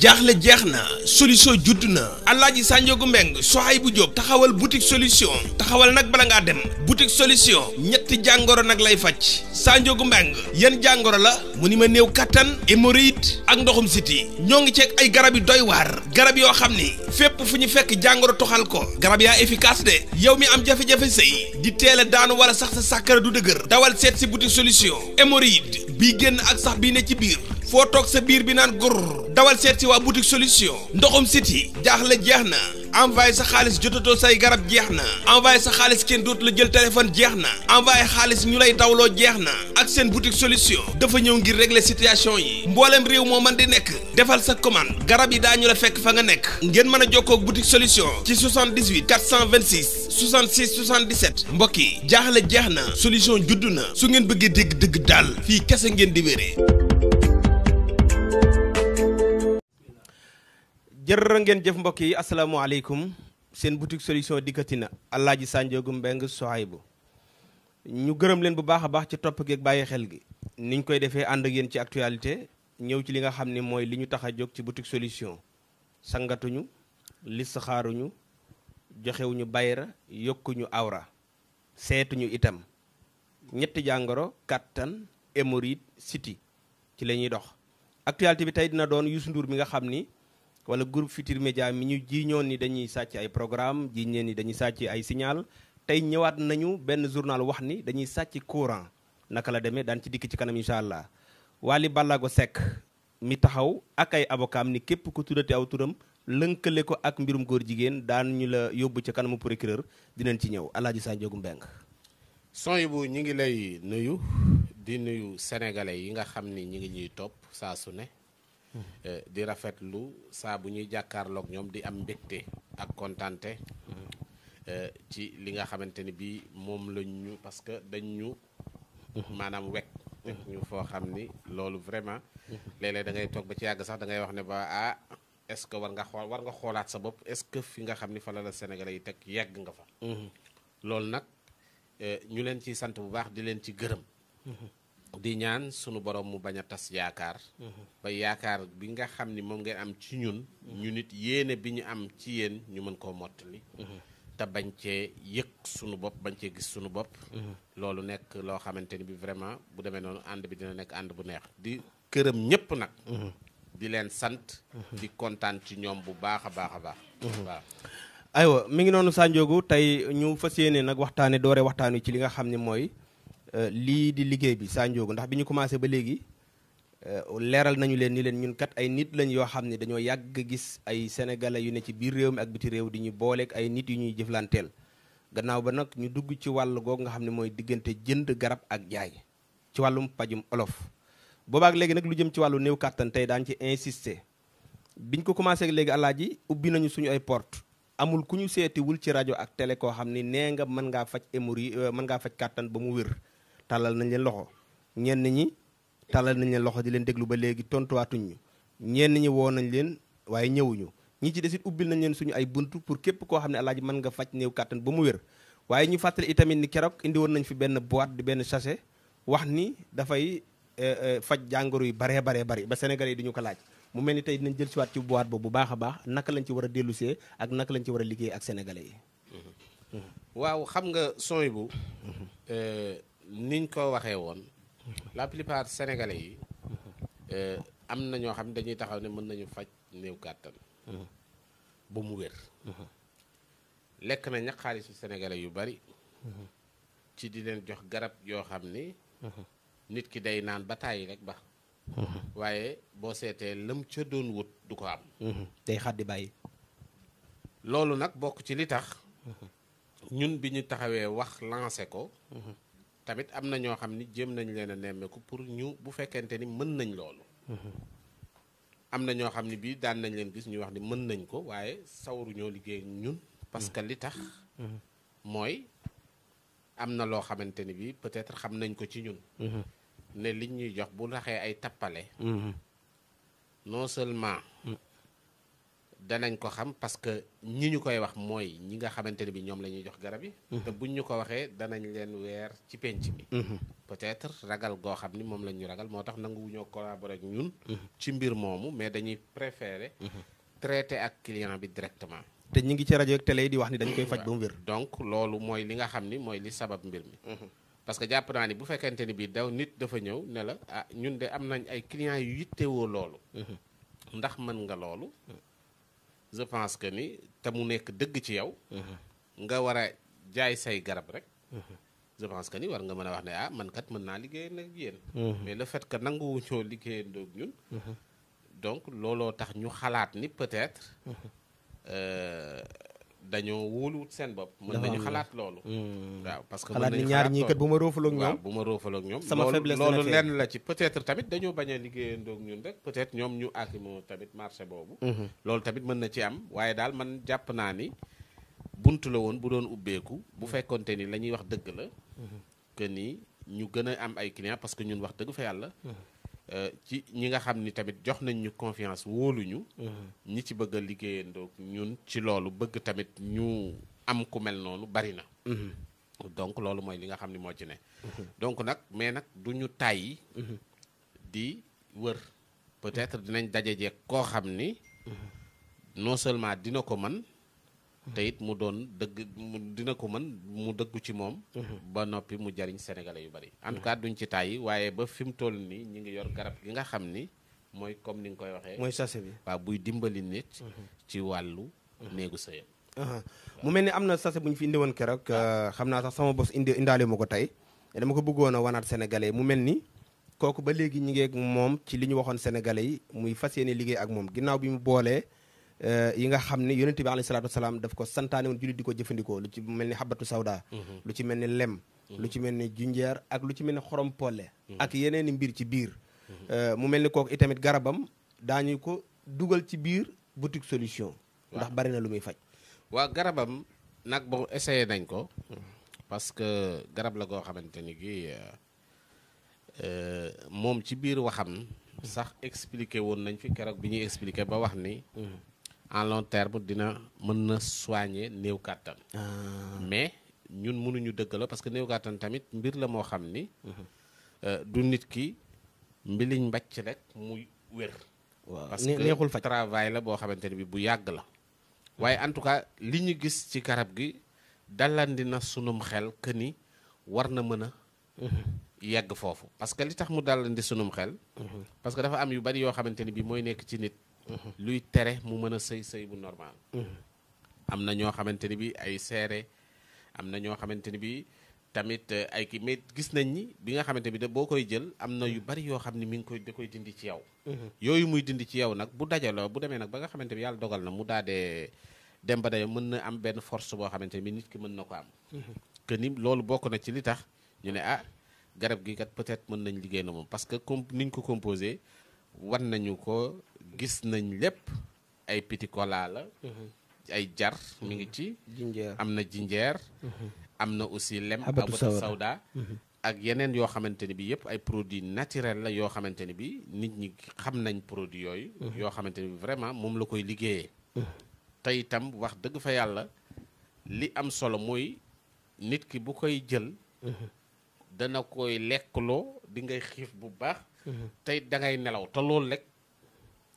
jaaxle jeex na solution judd na alaaji Sanjogu Mbeng soxay bu jóg taxawal boutique solution taxawal nag bala ngaa dem boutique solution ñetti jàngoro nag lay faj Sanjogu Mbeng yan jàngoro la mu ni ma néew kattan hémorroïde ak ndoxum siti ñoo ngi ceeg ay garab yu doy waar garab yoo xam ni fépp fu ñu fekk jàngoro toxal ko garab yaa efficace de yow mi am jafe-jafe sëy di teel a daanu wala sax sa sàkkara du dëgër dawal seet si boutique solution hémorroïde bii génn ak sax bii ci biir foo toog sa biir bi naan gur dawal seet si waa boutique solution ndoxum siti jaaxle jeex na envoyé sa xaalis jotatoo say garab jeex na envoye sa xaalis kenn dootu la jël téléphone jeex na envoyé xaalis ñu lay dawloo jeex na ak seen boutique solution dafa ñëw ngir régler situation yi mboolem réew moo mën di nekk defal sa commande garab yi daañu la fekk fa nga nekk ngeen mën a jokkoo ak boutique ci 78 426 66 77 mbokk yi jaaxle jeex na solution juddu na su ngeen bëggee dégg dëgg daal fii kese ngeen di wéree jërë ngeen jëf mbokk yi asalaamaaleykum seen boutique solution dikkati na Alaaji Sanjoogu Mbeng Sohaybu ñu gërëm leen bu baax a baax ci topp geeg bàyyi xel gi niñ koy defee ànd ak ci actualité ñëw ci li nga xam ni mooy li ñu tax a jóg ci boutique solution sangatuñu listixaaruñu joxewuñu bayra yokkuñu awra seetuñu itam ñetti jàngoro kàttan hémorroïde siti ci la ñuy dox actualité bi tey dina doon Youssou Ndour mi nga xam ni wala groupe Futurs Médias mi ñu jiiñoon ni dañuy sàcc ay programme jiiñ leen ni dañuy sàcc ay signal tey ñëwaat nañu benn journal wax ni dañuy sàcc courant naka la demee daan ci dikk ci kanam incha allah Wally Ballago sekk mi taxaw ak ay abokaam ni képp ku tuddati aw turam lënkale ko ak mbirum góor jigéen daan ñu la yóbbu ca kanamu procureur dinañ ci ñëw alaaji Sa Ndiogou Mbengue sony bu ñu ngi lay nuyu di nuyu sénégalais yi nga xam ni ñu ngi ñuy topp saa su ne Euh, di rafetlu saa bu ñuy jàkkaarlook ñoom di am mbégte ak kontante euh, ci li nga xamante ni bii moom lañ ñu parce que dañ ñu maanaam wekk teg ñu foo xam ni loolu vraiment léeg-léeg da ngay toog ba ci yàgg sax dangay wax ne ba ah est-ce que war nga xool war nga xoolaat sa bopp est-ce que fi nga xam ni fa la la Sénégalais yi teg yegg nga fa mhm. loolu nag euh, ñu leen ci sant bu baax di leen ci gërëm mhm. di ñaan sunu borom mu bañ a tas yaakaar. Mhm. ba yaakaar bi nga xam ni moom ngeen am ci ñun. Mhm. ñu nit yéene bi ñu am ci yéen ñu mën koo mottali. Mhm. te bañ cee yëg sunu bopp bañ cee gis sunu bopp. loolu nekk loo xamante ni bi vraiment bu demee noonu ànd bi dina nekk ànd bu neex di këram ñëpp nag. di leen sant. di kontaan ci ñoom bu baax a baax a baax. waaw. aywa mi ngi noonu Sa tey ñu fa yéene nag waxtaane doore waxtaan wi ci li nga xam ne mooy. Euh, lii di liggéey bi Sa ndax bi ñu commencé ba léegi euh, leeral nañu leen ni leen ñun kat ay nit lañ yoo xam ne dañoo yàgg gis ay sénégalais yu ne ci biir réew mi ak biti réew di ñu booleek ay nit yu ñuy jëflanteel gannaaw ba nag ñu dugg ci wàll googu nga xam ne mooy diggante jënd garab ak jaay ci wàllum pajum olof. boobaak léegi nag lu jëm ci wàllu néew kàttan tey daan ci insister biñ ko commencé léegi léegi ji ubbi nañu suñu ay porte amul ku ñu seetiwul ci rajo ak télé xam ni nee nga mën ngaa faj émori euh, mën ngaa faj kàttan ba mu wér. tàllal nañ leen loxo ñenn ñi tàllal nañ leen loxo di leen déglu ba léegi tontuwaatuñ ñu ñenn ñi woo nañ leen waaye ñëwuñu ñi ci des it ubbil nañ leen suñu ay bunt pour képp koo xam ne alaaji man nga faj néew kàttan ba mu wér waaye ñu fàttali itamit ni keroog indi woon nañ fi benn boîte di benn sachet wax ni dafay eh, eh, faj jàngoro yu baree baree bari ba sénégalais yi duñu ko laaj mu mel ni tey dinañ jël siwaat ci boîte boobu bu baax a baax naka lañ ci war a dellusee ak naka lañ ci war a liggéey ak sénégalais yi mm-hmm. Mm-hmm. niñ ko waxee woon la plupart sénégalais yi euh, am na ñoo xam ne dañuy taxaw ne mën nañu faj néew kàttan ba mu wér lekk na ñax xaalisu sénégalais yu bari ci di leen jox garab yoo xam ni nit ki day naan ba tàyyi rek ba waaye boo seetee lëm ca doon wut du ko am day xaddi bàyyi loolu nag bokk ci li tax ñun bi ñu taxawee wax lancé ko tamit am na ñoo xam ni jéem nañ leen a nemmeeku pour ñu bu fekkente ni mën nañ loolu. Mm-hmm. am na ñoo xam ne bii daan nañ leen gis ñu wax ni mën nañ ko waaye sawaru ñoo liggéey ñun. Mm-hmm. parce que li tax. Mm-hmm. mooy am na loo xamante ni bii peut-être xam nañ ko ci ñun. ne liñ ñuy jox bu taxee ay tappale. non seulement. danañ ko xam parce que ñi ñu koy wax mooy ñi nga xamante ne bi ñoom la ñuy jox garab yi. Mhm. te buñ ñu ko waxee danañ leen weer ci penc mi. Mhm. peut-être ragal goo xam ni moom la ñu ragal moo tax nanguwuñoo collaborer ak ñun. Mhm. ci mbir moomu mais dañuy préférer. traité ak client bi directement. te ñu ngi ci rajo ak télé yi di wax ni dañ koy faj ba mu wér. donc loolu mooy li nga xam ni mooy li sabab mbir mi. parce que jàpp naa ni bu fekkente ni bi daw nit dafa ñëw ne la ah ñun de am nañ ay clients yu yittewoo loolu. mën nga loolu. je pense que ni te mu nekk dëgg ci yow. nga war a jaay say garab rek. je pense que ni war nga mën a wax ne ah man kat mën naa liggéey nag yéen. mais le fait que nanguwu ñoo liggéeyandoo ak ñun. donc looloo tax ñu xalaat ni peut dañoo wóoluwut seen bopp. mën nañu xalaat loolu. Hmm. waaw parce que xalaat ni ñaar ñii bu ma roofaloog ñoom. waaw bu ma roofaloog ñoom. sama faiblesse loolu lenn la ci peut-être tamit dañoo bañ a liggéeyandoog ñun rek peut-être ñoom ñu akimoo tamit marché boobu. Hmm. loolu tamit mën na ci am waaye daal man jàpp naa ni buntu la woon bu doon ubbeeku. bu hmm. fekkonte ni la ñuy wax dëgg la. que ni ñu gën a am ay clients parce que ñun wax dëgg fa yàlla. Euh, ci ñi nga xam ni tamit jox nañ ñu confiance wóoluñu. Mhm. ñi ci bëgg a ñun ci loolu bëgg tamit ñu am ku mel noonu bari na. Mhm. donc loolu mooy li nga xam ni moo ci ne. Mhm. donc nag mais nag du ñu tàyyi. di wër peut-être dinañ daje jeeg koo xam ni. non seulement dina ko man te it mu doon dëgg mu dina ko mën mu dëggu ci moom mhm. ba noppi mu jariñ sénégalais yu bari en mhm. tout duñ ci tàyyi waaye ba fi mu toll nii ñi ngi yor garab gi nga xam ni mooy comme ni nga koy waxee mooy sachet bi waa buy dimbali nit mhm. ci wàllu néegu sëyam uh-huh. mu mel ni am na sachet bu ñu fi indi woon keroog ah. uh, xam naa sax sama bos indi indaale ma ko tey dama ko bëggoon a wanaat sénégalais mu mel ni kooku ba léegi ñu ngi ak moom ci li ñu waxoon sénégalais yi muy fas yéene liggéey ak moom ginnaaw bi mu boolee yi nga xam ne yonente bi alayhi salaatu wasalaam daf ko santaane woon jullit di ko jëfandikoo lu ci mel ni xabatu sawda mhm. lu ci mel ni lem lu ci mel ni junjeer ak lu ci mel ni xorom pole mhm. ak yeneen i mbir ci biir mhm. euh, mu mel ni kooku itamit garabam daañu ko dugal ci biir boutique solution ndax bari na lu muy faj waaw garabam nag boo essayé nañ ko parce que garab la goo xamante ni gi euh, euh, moom ci biir waxam sax expliqué woon nañ fi keroog bi ñuy expliqué ba wax ni en long terme dina mën na soigner néew kàttan ah. mais ñun mënuñu dëgg la parce que néew kàttan tamit mbir la moo xam ni euh, du nit ki mbiliñ mbàcc rek mu wér parce que neexul faj travail la boo xamante ne bi bu yàgg la waaye en tout cas li ñu gis ci garab gi dalandi na sunum xel que ni war na mën a yegg foofu parce que li tax mu dalandi sunum xel mhm. parce que dafa am yu bari yoo xamante ni bi mooy nekk ci nit Mm-hmm. luy tere mu mën a sëy sëy bu normal mm-hmm. am na ñoo xamante ni bi ay seere am na ñoo xamante ni bi tamit eh, ay kii mais gis nañ ni bi nga xamante bi da boo koy jël am na yu mm-hmm. bari yoo xam ni mi ngi koy da koy dindi ci yow yooyu muy dindi ci yow nag bu dajaloo bu demee nag ba nga xamante bi yàlla dogal na mu daadee dem ba dayo mën na am benn force boo xamante ni nit ki mën na ko am que loolu bokk na ci li tax ñu ne ah garab gii kat peut-être mën nañ liggéey na moom parce que comme niñ ko composé wan nañu ko gis nañ lépp ay pitikola la mhm. ay jar mu ngi mhm. ci am na jinjeer mhm. am na aussi lem abatu sawda ak yeneen yoo xamante ni bi yëpp ay produit naturels la yoo xamante ni bi nit ñi xam nañ produit yooyu yoo xamante ni bi vraiment moom la koy liggéeyee te itam wax dëgg fa yàlla li am solo mooy nit ki bu koy jël dana koy lekkloo di ngay xiif bu baax tey da nelaw te loolu rek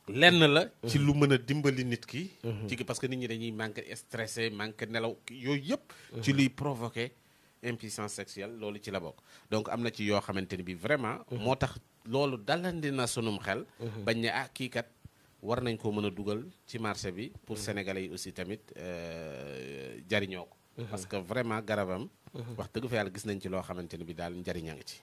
lenn la mhm. ci lu mën a dimbali nit ki mhm. ci parce que nit ñi dañuy manqué stressé manqué nelaw yooyu yëpp mhm. ci luy provoqué impuissance sexuelle loolu ci la bokk donc am na ci yoo xamante ni bi vraiment moo tax loolu dalandi na sunum xel bañ ne ah kii kat war nañ ko mën a dugal ci marché bi pour sénégalais yi aussi tamit euh, jariñoo ko parce que vraiment garabam wax dëgg fa yàlla gis nañ ci loo xamante ni bi daal njariñaa ngi ci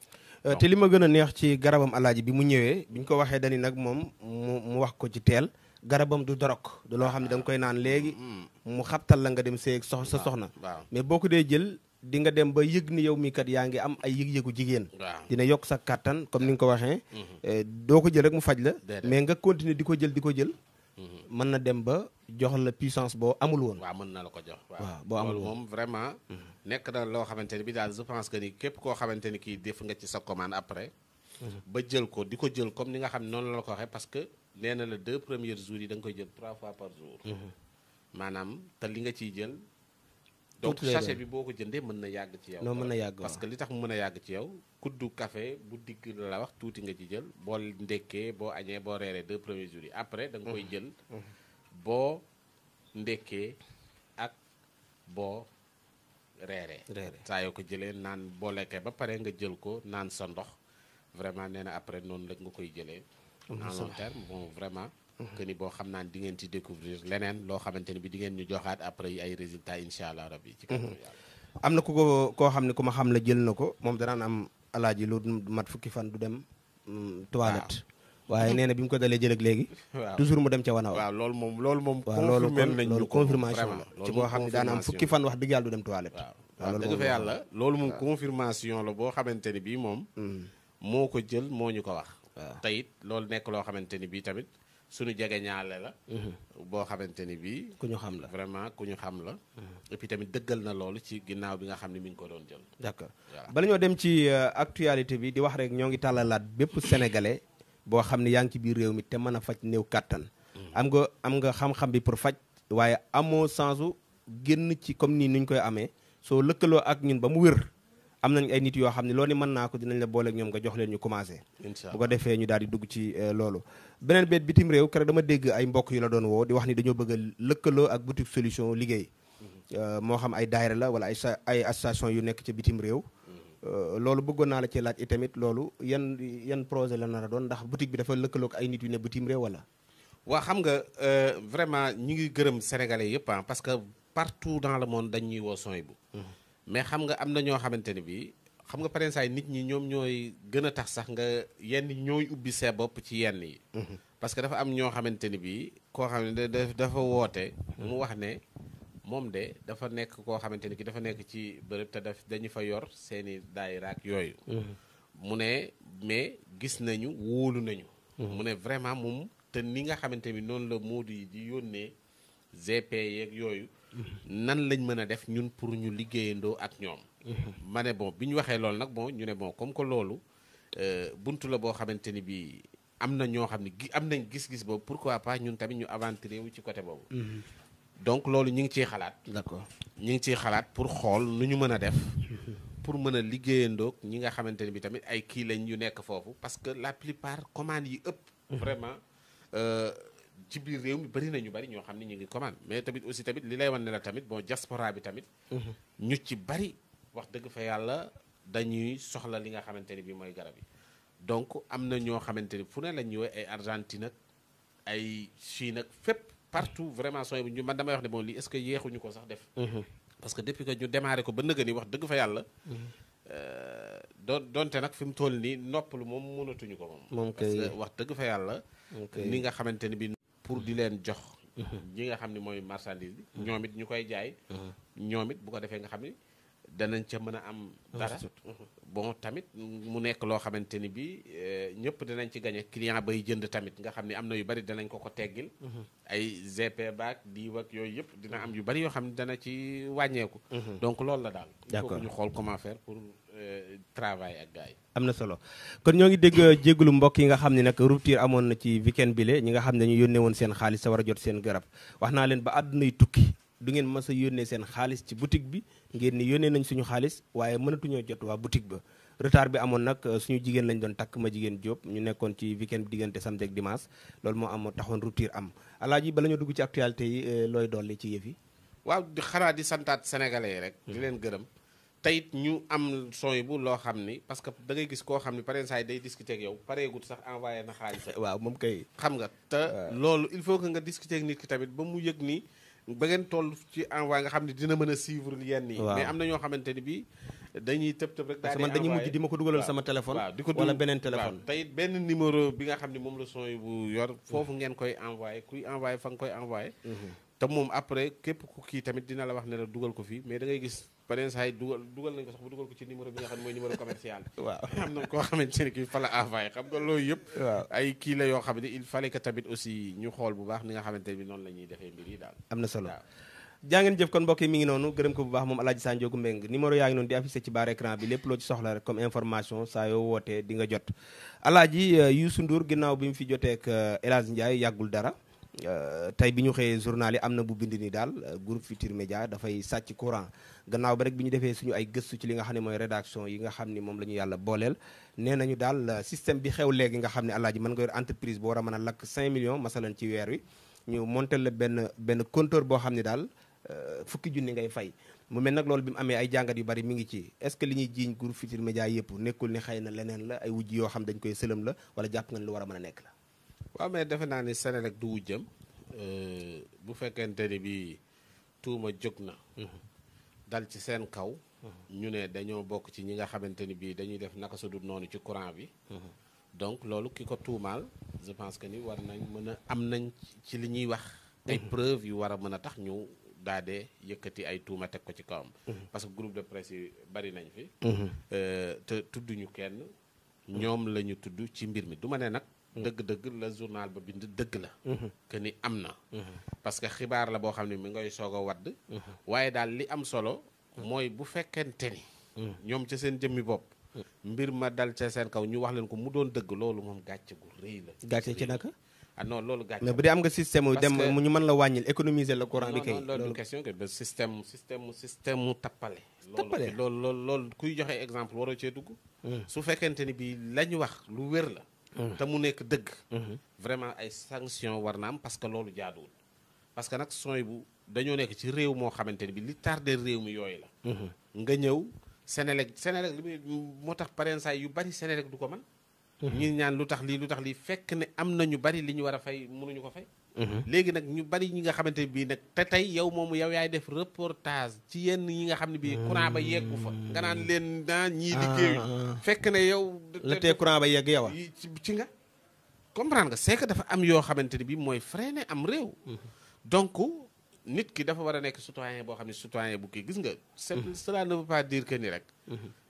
Euh, te li ma gën a neex ci garabam alaaji bi mu ñëwee bi ñu ko waxee dani nag moom mu mu wax ko ci teel garabam du dorog du loo xam ne da nga koy naan léegi mm-hmm. mu xabtal la nga dem seeg sox sa soxna mais boo ko dee jël dinga dem ba yëg ni yow mi kat yaa ngi am ay yëg-yëgu jigéen dina yokk sa kàttan comme ni nga ko waxee mm-hmm. euh, doo ko jël rek mu faj la mais nga continuer di ko jël di ko jël Mhm. mën na dem ba jox la puissance boo amul woon. waaw mën na la ko jox. waaw boo amul moom vraiment. Mhm. nekk na loo xamante ni bi daal je pense ni képp koo xamante ni kii def nga ci sa commande après. Mhm. ba jël ko di ko jël comme ni nga xam ne noonu la ko waxee parce que nee la deux premiers jours yi da nga koy jël trois fois par jour. maanaam te li nga ciy jël. donc sachet bi boo ko jëndee mën na yàgg ci yow. non mën na yàgg parce que li tax mu mën a yàgg ci yow. kuddu café bu digg la wax tuuti nga ci jël boo ndekkee boo añee boo reeree deux premiers jours yi après da nga koy mmh. jël. Mmh. boo ndekkee ak boo reeree. saa yoo ko jëlee naan boo lekkee ba pare nga jël ko naan sa ndox vraiment nee na après noonu rek nga koy jëlee. en long terme bon vraiment mhm. que ni boo xam naa di ngeen ci découvrir bi di ngeen ñu joxaat après mhm. am na ku ko koo xam ne ku ma xam la jël na ko moom danaan am alaaji lu mat fukki fan du dem mm, toilette waaye nee na bi mu ko dalee jël ak léegi toujours mu dem ca wanaaw waaw loolu moom loolu moom waaw loolu loolu confirmation la ci boo xam ne daana am fukki fan wax dëgg du dem toilette waaw dëgg fa yàlla loolu moom confirmation la boo xamante ne bii moom mm. moo ko jël moo ñu ko wax te it loolu nekk loo xamante ni bii tamit suñu jege ñaale la. Mhm. boo xamante ni bii. ku ñu xam la vraiment ku ñu xam la. Mhm. et tamit dëggal na loolu ci ginnaaw bi nga xam ne mi ngi ko doon jël. d' accord bala ñoo dem ci euh, actualité bi di wax rek ñoo ngi tàllalaat bépp sénégalais boo xam ne yaa ngi ci biir réew mi te mën a faj néew kàttan. Mhm. am nga am nga xam-xam bi pour faj waaye amoo sensu génn ci comme ni ñu koy amee soo lëkkaloo ak ñun ba mu wér. am nañ ay nit yoo xam ne loolu mën naa ko dinañ la booleeg ñoom nga jox leen ñu commencé bu ko defee ñu daal di dugg ci euh, loolu beneen beet bitim réew keroog dama dégg ay mbokk yu la doon woo di wax ni dañoo bëgg lëkkaloo ak boutique solution liggéey mm-hmm. euh, moo xam ay daayira la wala ay ay association yu nekk ci bitim réew mm-hmm. euh, loolu bëggoon naa la ci laaj itamit loolu yan yan projet la nar a doon ndax boutique bi dafa lëkkaloog ay nit yu ne bitim réew wala waa xam nga vraiment ñu ngi gërëm sénégalais yëpp ah parce que partout dans le monde dañuy woo sony bu mm-hmm. mais xam nga am na ñoo xamante ne bii xam nga parents ay nit ñi ñoom ñooy gën a tax sax nga yenn ñooy ubbi see bopp ci yenn yi. Mhm. parce que dafa am ñoo xamante ni bii koo xam ne dafa woote. mu wax ne moom de dafa nekk koo xamante ni ki dafa nekk ci bërëb te daf dañu fa yor seeni i daayira yooyu. Mhm. mu ne mais gis nañu wóolu nañu. Mhm. mu ne vraiment moom te ni nga xamante ni noonu la Modou yi di yónnee GP yeeg yooyu. nan lañ mën a def ñun pour ñu liggéeyandoo ak ñoom mhm. ma ne bon bi ñu waxee loolu nag bon ñu ne bon comme que loolu euh, buntu la boo xamante ni bi am na ñoo xam ne gi am nañ gis-gis boobu quoi pas ñun tamit ñu aventurer wu ci côté boobu mhm. donc loolu ñu ngi ciy xalaat d'accord ñu ngi ciy xalaat pour xool nu ñu mën a def mhm. pour mën a liggéeyandoog ñi nga xamante ne bi tamit ay kii lañ yu nekk foofu parce que la plupart commandes yi ëpp vraiment euh, ci biir réew mi bëri na ñu bëri ñoo xam ne ñu ngi commande mais tamit aussi tamit li lay wan ne la tamit bon diaspora bi tamit. ñu ci bëri wax dëgg fa yàlla ñoo xamante ni fu ne la ñu man damay wax ne bon lii est-ce que yeexuñu ko sax def. Mhm. parce que depuis que ñu démarré ko ba nëgë ni wax dëgg fa yàlla. Mhm. Euh, doon donte nag fi mu toll nii noppalu moom mënatuñu ko moom. moom wax dëgg fa yàlla. ni nga xamante bi pour di leen jox ñi nga xam ne mooy marchandise bi ñoom it ñu koy jaay ñoomit bu ko defee nga xam ne danañ ca mën a am dara bon tamit mu nekk loo xamante ni bi eh, ñëpp danañ ci gañe client bay jënd tamit nga xam ne am na yu bari danañ ko ko teggil mhm. ay gp baak di ak yooyu yëpp dina am yu bari yoo xam ne dana ci wàññeeku mhm. donc loolu la daal d'accord ñu xool comment faire pour eh, travail ak gars yi am na solo kon ñoo ngi dégg euh, jégalu mbokk yi nga xam ne nag rupture amoon na ci weekend bile ñi nga xam ne ñu yónnee woon seen xaalis sa war a jot seen garab wax naa leen ba àdduna tukki du ngeen ma sa yónnee seen xaalis ci boutique bi ngeen ni yónnee nañ suñu xaalis waaye mënatuñoo jot waa boutique ba retard bi amoon nag euh, suñu jigéen lañ doon takk ma jigéen Diop ñu nekkoon ci weekend bi diggante samedi ak dimanche loolu moo am taxoon rupture am alaaji bala ñu dugg ci actualité yi euh, looy dolli ci yëf yi. waaw xanaa di santaat sénégalais yi rek. di hmm. leen gërëm teyit ñu am sooy bu loo xam ni parce que da ngay gis koo xam ni pareen saa yi day discuter yow pareegut sax envoyé na xaalis. waaw moom kay. xam nga te euh. loolu il faut que nga discuter ak tamit ba mu yëg ni. ba ngeen toll ci envoi nga xam ne dina mën a suivre yenn yi. mais am na ñoo xamante ni bi dañuy tëb tëb rek. daal di man dañuy mujj di ma ko dugalal sama téléphone. wala beneen téléphone. waaw tey benn numéro bi nga xam ne moom la son yor foofu ngeen koy envoyé kuy envoyé fa nga koy envoyé. Mhm. te moom après képp ku kii tamit dina la wax ne la dugal ko fii mais da ngay gis ba leen saa yi dugal dugal nañ ko sax bu dugal ko ci numéro bi nga xam ne koo xamante ne kii fa la xam nga loolu yëpp ay kii la yoo xam ne il fallait que tamit aussi ñu xool bu baax mi nga xamante bi noonu la ñuy defee mbir yi daal am na solo jàngeen jëf kon mbokk mi ngi noonu gërëm ko bu baax moom alaaji Sanjoogu Mbeng numéro yaa ngi noonu di affiché ci barre écran bi lépp loo ci soxla rek comme information saa yoo wootee di nga jot alaaji euh, Youssou Ndour ginnaaw bi mu fi joteek euh, El Hadj yàggul dara Euh, tey bi ñu xëyee journal yi am na bu bind ni daal euh, groupe Futurs Médias dafay sàcc courant gannaaw ba rek bi ñu defee suñu ay gëstu ci li nga xam ne mooy rédaction yi nga xam ni moom la ñu yàlla booleel nee nañu daal euh, système bi xew léegi nga xam ne alaaji mën nga yor entreprise boo war a mën a lakk 5 millions ci weer wi ñu monter la benn benn compteur boo xam ne daal fukki junni ngay fay mu mel nag loolu bi mu amee ay jàngat yu bari mu ngi ci est ce que li ñuy jiiñ groupe Futurs Médias yëpp nekkul xëy na leneen la ay wujj yoo xam dañ koy sëlëm la wala jàpp nga lu war a mën a nekk waaw mais defe naa ni Senelec du wujjam euh, bu fekkente ni bi tuuma jóg na dal ci seen kaw ñu ne dañoo bokk ci ñi nga xamante ni bii dañuy def naka sudul noonu ci courant bi donc loolu ki ko tuumaal je pense que ni war nañ mën a am nañ ci li ñuy wax ay preuve yu war a mën a tax ñu daadee yëkkati ay tuuma teg ko ci kawam parce que groupe de presse yi bari nañ fi mhm. euh, te tudduñu kenn ñoom la ñu tudd ci mbir mi du ma ne nag Mm. dëgg-dëgg la journal ba bind dëgg la mm-hmm. que ni am na mm-hmm. parce que xibaar la boo xam ne mi ngay soog a wadd mm-hmm. waaye daal li am solo mooy bu fekkente ni ñoom ca seen jëmmi bopp mbir ma dal ca seen kaw ñu wax leen ko mu doon dëgg loolu moom gàcce gu rëy la gàcce ci naka ah non loolu gàcce mais bu dee am nga système ñu mën la wàññil économiser le courant bi kay loolu question que ba système système mu tappale loolu loolu loolu kuy joxe exemple waroo cee dugg mm. su fekkente ni bi lañ wax lu wér la te mu nekk dëgg mhm. vraiment ay sanction war na am parce que loolu jaaduwul parce que nag sooy bu dañoo nekk ci réew moo xamante ne bi li tardé réew mi yooyu la mhm. nga ñëw Senelec Senelec li muy moo tax parensaay yu bari Senelec du ko mën ñu mhm. ñaan lu tax lii lu tax lii fekk ne am na ñu bari li ñu war a fay mënuñu ko fay Mm-hmm. léegi nag ñu bari ñi nga xamante bii nag te tey yow moomu yow yaay def reportage ci yenn yi nga xam ne bii courant ba yeggu fa nga naan mm. leen naa ñii ah. liggéeyu fekk na yow la courant ba yegg yow ci nga comprendre nga c'est dafa am yoo xamante ne bii mooy freiné am réew mm-hmm. donc nit ki dafa war a nekk citoyen boo xam ne citoyen bu kii gis nga mm-hmm. cela ne veut diir dire que ni rek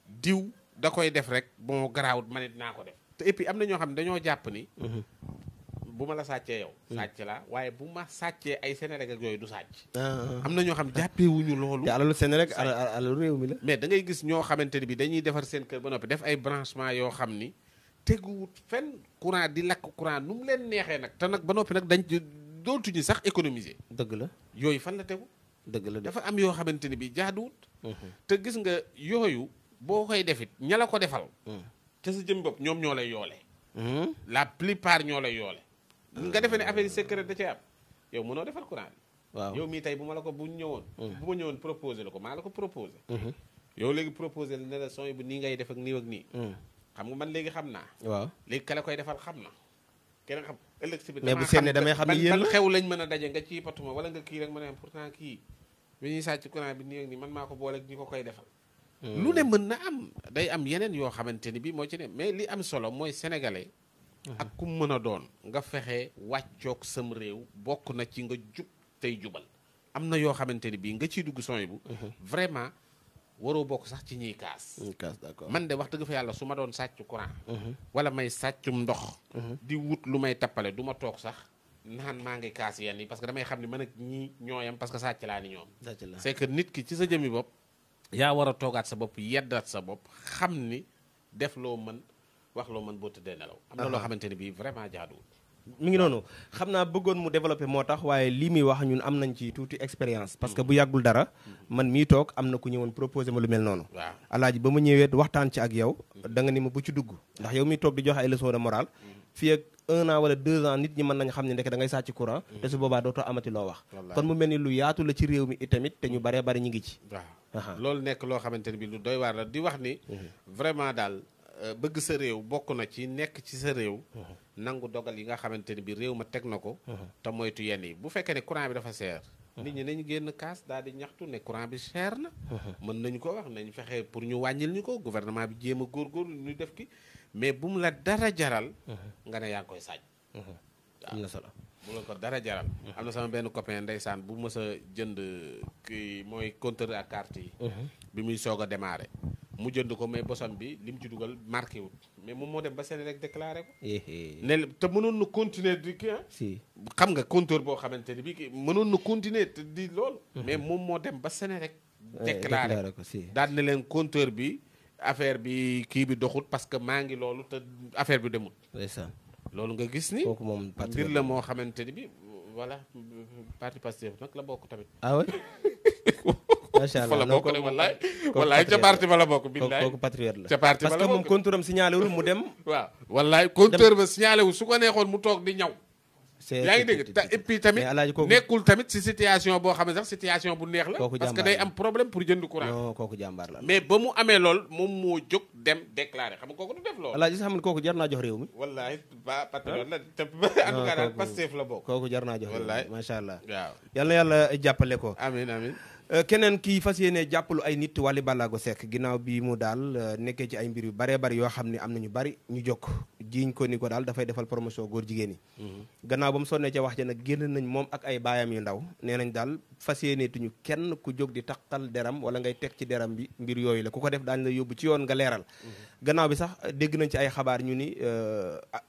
diw da koy def rek bon garaawut man it naa ko def te et puis am na ñoo xam ne dañoo jàpp ni bu ma la sàccee yow hmm. sàcc la waaye bu ma sàccee ay Sénégal ak yooyu du sàcc ah, ah, ah. am na ñoo xam jàppewuñu loolu te alalu Sénégal ak alalu réew mi la mais da gis ñoo xamante ni bi dañuy defar seen kër ba noppi def ay branchement yoo xam ni teguwut fenn courant di lakk courant nu leen neexee nag te nag noppi nag dañ dootuñu sax économiser dëgg la yooyu fan la tegu dëgg la dafa am yoo xamante ni bi jaaduwut mm-hmm. te gis nga yooyu boo koy defit ña la ko defal te mm. sa jëm bopp ñoom ñoo lay yoole mm-hmm. la plupart ñoo lay yoole nga defee ne affaire yi secret da cee am yow mënoo defar courant bi yow mii tey bu ma la ko bu ñëwoon mm. bu ma ñëwoon proposé la ko maa la ko proposé mm-hmm. yow léegi proposé la ne nii ngay def ak nii nii mm. xam nga man léegi xam naa waaw léegi ka koy defar xam na keneen xam ëllëg si bu seen ne damay xam ni yéen la xew lañ mën a daje nga ciy patuma wala nga kii rek mën a am pourtant kii bi ñuy sàcc courant bi nii ak maa ko booleeg ñi ko koy defal mm. lu ne mën na am day am yeneen yoo xamante ni bi moo ci ne mais li am solo mooy sénégalais ak ku mën a doon nga fexe wàccoog sam réew bokk na ci nga jub tey jubal am na yoo xamante ni bii nga ciy dugg sony bu mhm. vraiment waroo bokk sax ci ñiy kaas kaas d'accord man de wax dëgg fa yàlla su ma doon sàcc courant mhm. wala may sàccum ndox mhm. di wut lu may tappale du ma toog sax naan maa ngi kaas yenn yi parce que damay xam ne man ak ñi ñooyam parce que sàcc laa ni ñoom c'est nit ki ci sa jëmi bopp yaa war a toogaat sa bopp yeddaat sa bopp xam ni def loo mën wax loo mën boo tëddee nelaw am loo xamante ne bii vraiment jaaduwul mi ngi noonu xam naa bëggoon mu développé moo tax waaye lii muy wax ñun am nañ ci tuuti expérience parce que mm. bu yàggul dara mm-hmm. man mii toog am na ku ñëwoon proposé ma lu mel noonu waaw ba mu ñëwee waxtaan ci ak yow mm-hmm. da nga ni ma bu ci dugg ndax yow mi toog di joxe ay leçon de morale mm-hmm. fii ak un an wala deux ans nit ñi mën nañ xam ne ndeke da ngay sàcc courant te su boobaa dootoo amati loo wax kon mu mel ni lu yaatu la ci réew mi itamit loolu nekk loo xamante ne bi lu doy waar la di vraiment daal Euh, bëgg sa réew bokk na ci nekk ci sa réew mhm. nangu dogal yi nga xamante ni bi réew ma teg na ko mhm. te moytu yenn yi bu fekkee ne courant bi dafa seer mhm. nit ñi nañu génn kaas daal di ñaxtu ne courant bi cher na mën nañu ko wax nañ fexe pour ñu wàññil ñu ko gouvernement bi jéem a góorgóorlu ñu def ki mais bu mu la dara jaral nga ne yaa koy saaj am na solo bu la ko dara jaral am na sama benn copain ndeysaan bu mës a jënd ki mooy compteur ak carte yi bi muy soog a démarrer mu jënd ko mais bosam bi li mu ci dugal marqué wut mais moom moo dem ba seen rek déclaré ko. Eh, eh. ne te mënoon na continuer di kii ah? si xam nga compteur boo xamante ni bii mënoon na continuer te lool. Mhm. mais moom moo dem ba sene eh, rek. déclaré ko si daal ne leen compteur bi affaire bi kii bi doxut parce que maa ngi loolu te affaire bi demut. loolu nga gis ni. kooku moom mbir la moo xamante ni bi voilà parti Pastef nag la bokk tamit. Ah macha allah la bokk wallaay wallaay ca parti ba la bokk billaay kooku patriote la ca parti ba la bokk parce que moom compteur am signalé wul mu dem waaw wallaay compteur ba signalé wul su ko neexoon mu toog di ñaw yaa ngi dégg te et puis tamit nekkul tamit si situation boo xam ne sax situation bu neex la parce que day am problème pour jënd courant kooku jàmbaar la mais ba mu amee lool moom moo jóg dem déclaré xam nga kooku du def lool alaaji sax xam ne kooku jar naa jox réew mi wallaay ba patriote la te en tout cas daal Pastef la bokk kooku jar naa jox réew mi macha allah waaw yal na yàlla jàppale ko amiin amiin Euh, keneen kii fas yéene jàppalu ay nit Wally Ballago Seck ginnaaw bi mu daal euh, nekkee ci ay mbir yu baree bari yoo xam ne am na ñu bari ñu jokk jiiñ ko ni ko daal dafay defal promotion góor jigéen yi mhm. gannaaw ba mu sonnee ca wax ja nag génn nañ moom ak ay baayam yu ndaw nee nañ daal fas yéeneetuñu kenn ku jóg di taqal deram wala ngay teg ci deram bi mbir yooyu la ku ko def daañu la yóbbu ci yoon nga leeral mhm. gannaaw bi sax euh, dégg nañ ci ay xabaar ñu ni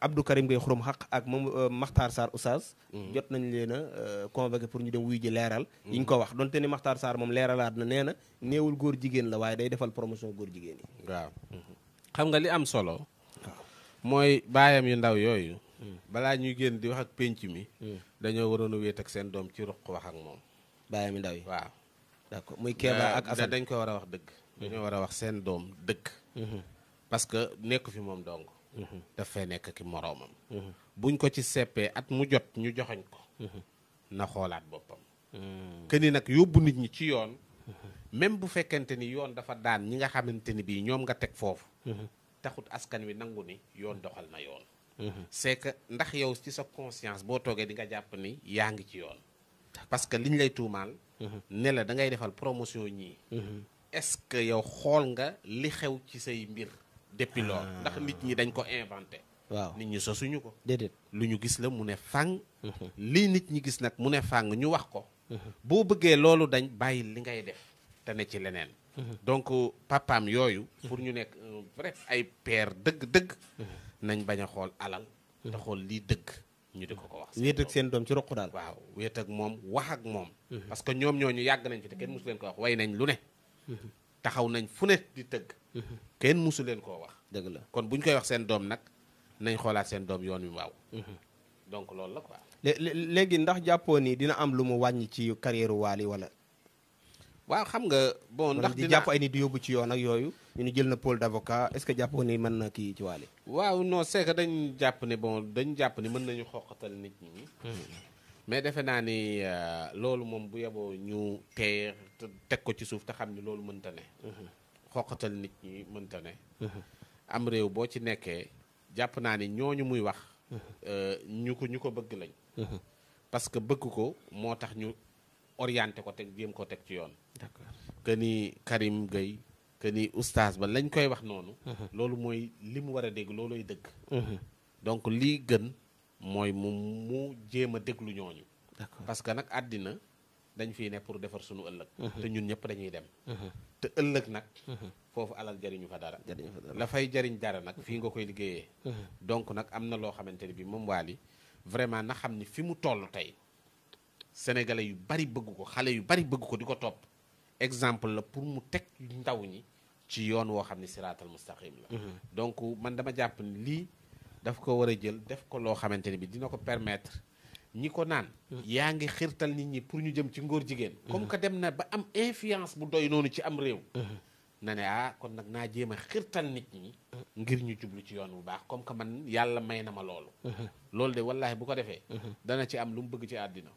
Abdou Karim Gueye xurum xaq ak moom Makhtar Sarr Oustaz mhm. jot nañ leen a convoqué pour ñu dem wuy ko Sarr moom leeralaat na nee na néewul góor jigéen la waaye day defal promotion góor jigéen yi. waaw mhm. xam nga li am solo. mooy baayam yu ndaw yooyu. balaa ñuy génn di wax ak pénc mi. Mhm. dañoo waroon a wéet ak seen doom ci ruq wax ak moom. baayam yu ndaw yi waaw. d'accord muy Kéba ak Assane dañ ko war a wax dëgg. Mhm. dañoo war a wax seen doom dëgg. parce que nekku fi moom dong. dafay nekk ki moroomam. buñ ko ci seppee at mu jot ñu joxañ ko. na xoolaat boppam. que nag yóbbu nit ñi ci yoon même bu fekkente ni yoon dafa daan ñi nga xamante ni bii ñoom nga teg foofu taxut askan wi nangu ni yoon doxal na yoon c'est que ndax yow ci sa conscience boo toogee di nga jàpp ni yaa ngi ci yoon parce que liñ lay tuumaal ne la da ngay defal promotion ñii est-ce que yow xool nga li xew ci say mbir depuis lool ah. ndax nit ñi dañ ko inventé waaw nit ñi sosuñu ko déedéet lu ñu gis la mu ne fàng uhuh. lii nit ñi gis nag mu ne fàng ñu wax ko boo bëggee loolu dañ bàyyi li ngay def te ne ci leneen. donc papaam yooyu. pour ñu nekk vrai ay père dëgg-dëgg. nañ bañ a xool alal. te xool lii dëgg. ñu di ko ko wax wéet seen doom ci roq daal. waaw wéet ak moom wax ak moom. parce que ñoom ñu yàgg nañ fi te kenn leen ko wax way nañ lu ne. taxaw nañ fu ne di tëgg. kenn musu leen koo wax. dëgg la kon bu ñu koy wax seen doom nag nañ xoolaat seen doom yoon wi waaw. donc loolu la quoi. léegi ndax jàppoo nii dina am lu mu wàññi ci carrière Wally wala. waaw xam nga bon ndax di jàpp ay nit di yóbbu ci yoon ak yooyu. ñu ni jël na pôle d' avocat ce que jàppoo ni mën na kii ci Wally. waaw noo c' dañu jàpp ne bon dañu jàpp ne mën nañu xoqatal nit ñi. Hmm. defe naa ni euh, loolu moom bu yeboo ñu teer teg ko ci suuf te xam ni loolu mënta ne. Hmm. xoqatal nit ñi mënta ne. Hmm. am réew boo ci nekkee jàpp naa ni ñooñu muy wax. Euh, ñu ko ñu ko bëgg lañ. parce que bëgg ko moo tax ñu orienté ko teg jéem ko teg ci yoon. d'accord que ni Karim Gueye que ni oustaz ba lañ koy wax noonu. loolu mooy li mu war a dégg loolooy dëgg. donc lii gën mooy mu mu jéem a déglu ñooñu. d'accord nag àddina. dañ fi ne pour defar suñu ëllëg mhm. te ñun ñëpp dañuy dem mhm. te ëllëg nag mhm. foofu alal jariñu fa dara la fay jariñ dara nag fii nga koy liggéeyee donc nag am na loo xamante ne bi moom vraiment na xam ni fi mu toll tey sénégale yu bari bëgg ko xale yu bari bëgg ko di ko topp exemple la pour mu teg ndaw ñi ci yoon woo xam ne siraatal mustaqim la donc man dama jàpp ni lii daf ko war a jël def ko loo xamante ne bi dina ko permetre ñi ko naan mm. yaa ngi xirtal nit ñi pour ñu jëm ci ngóor jigéen mm. comme que dem na ba am influence bu doy noonu ci am réew mm-hmm. na ne ah kon nag naa jéem a xirtal nit ñi ngir ñu jublu ci yoon bu baax comme que man yàlla may na ma loolu loolu de wallahi bu ko defee dana ci am lu mu bëgg ci àddina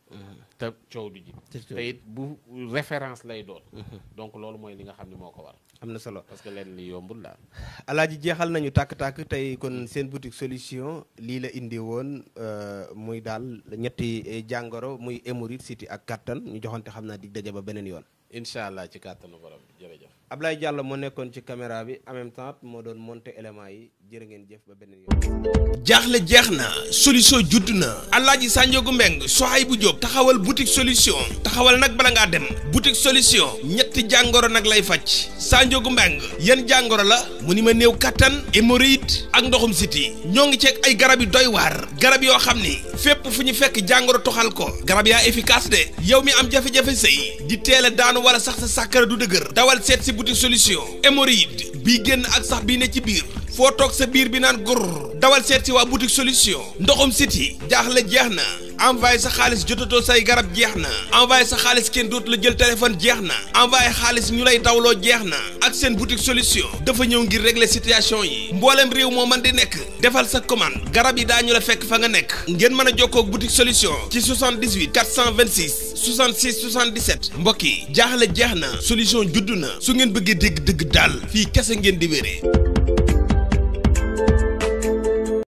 te coow du ji te bu référence lay doon donc loolu mooy li nga xam ne moo ko war am na solo parce que leen li laa la ji jeexal nañu tàkk-tàkk tey kon seen boutique solution lii la indi woon euh, muy daal ñetti eh, jàngoro muy hémorroïde siti ak kàttan ñu joxante xam naa dig daje ba beneen yoon incha allah ci kàttanu borom bi jërëjëf Ablaye Diallo moo nekkoon ci caméra bi même temps moo doon monter élément yi jërë ngeen jëf ba beneen yoon. jaaxle jeex na solution judd na ji Alaaji Sanjogu Mbeng soxay bu Jóob taxawal boutique solution taxawal nag bala ngaa dem boutique solution ñetti jàngoro nag lay faj Sanjogu Mbeng yan jàngoro la mu ni ma néew kattan hémorroïde ak ndoxum siti ñoo ngi ceeg ay garab yu doy waar garab yoo xam ni fépp fu ñu fekk jàngoro toxal ko garab yaa efficace de yow mi am jafe-jafe sëy di teel a daanu wala sax sa sàkkara du dëgër dawal seet si boutique solution hémorroïde bii génn ak sax bii ne ci biir foo toog sa biir bi naan góor dawal seet si waa boutique solution ndoxum siti jaaxle jeex na envoyé sa xaalis jotatoo say garab jeex na envoyé sa xaalis kenn dootu la jël téléphone jeex na envoyé xaalis ñu lay dawloo jeex na ak seen boutique solution dafa ñëw ngir régler situation yi mboolem réew moo mën di nekk defal sa commande garab yi daañu la fekk fa nga nekk ngeen mën a jokkoo ak boutique solution ci 78 426 66 77 mbokk yi jaaxle jeex na solution juddu na su ngeen bëggee dégg dëgg daal fii kese ngeen di wéree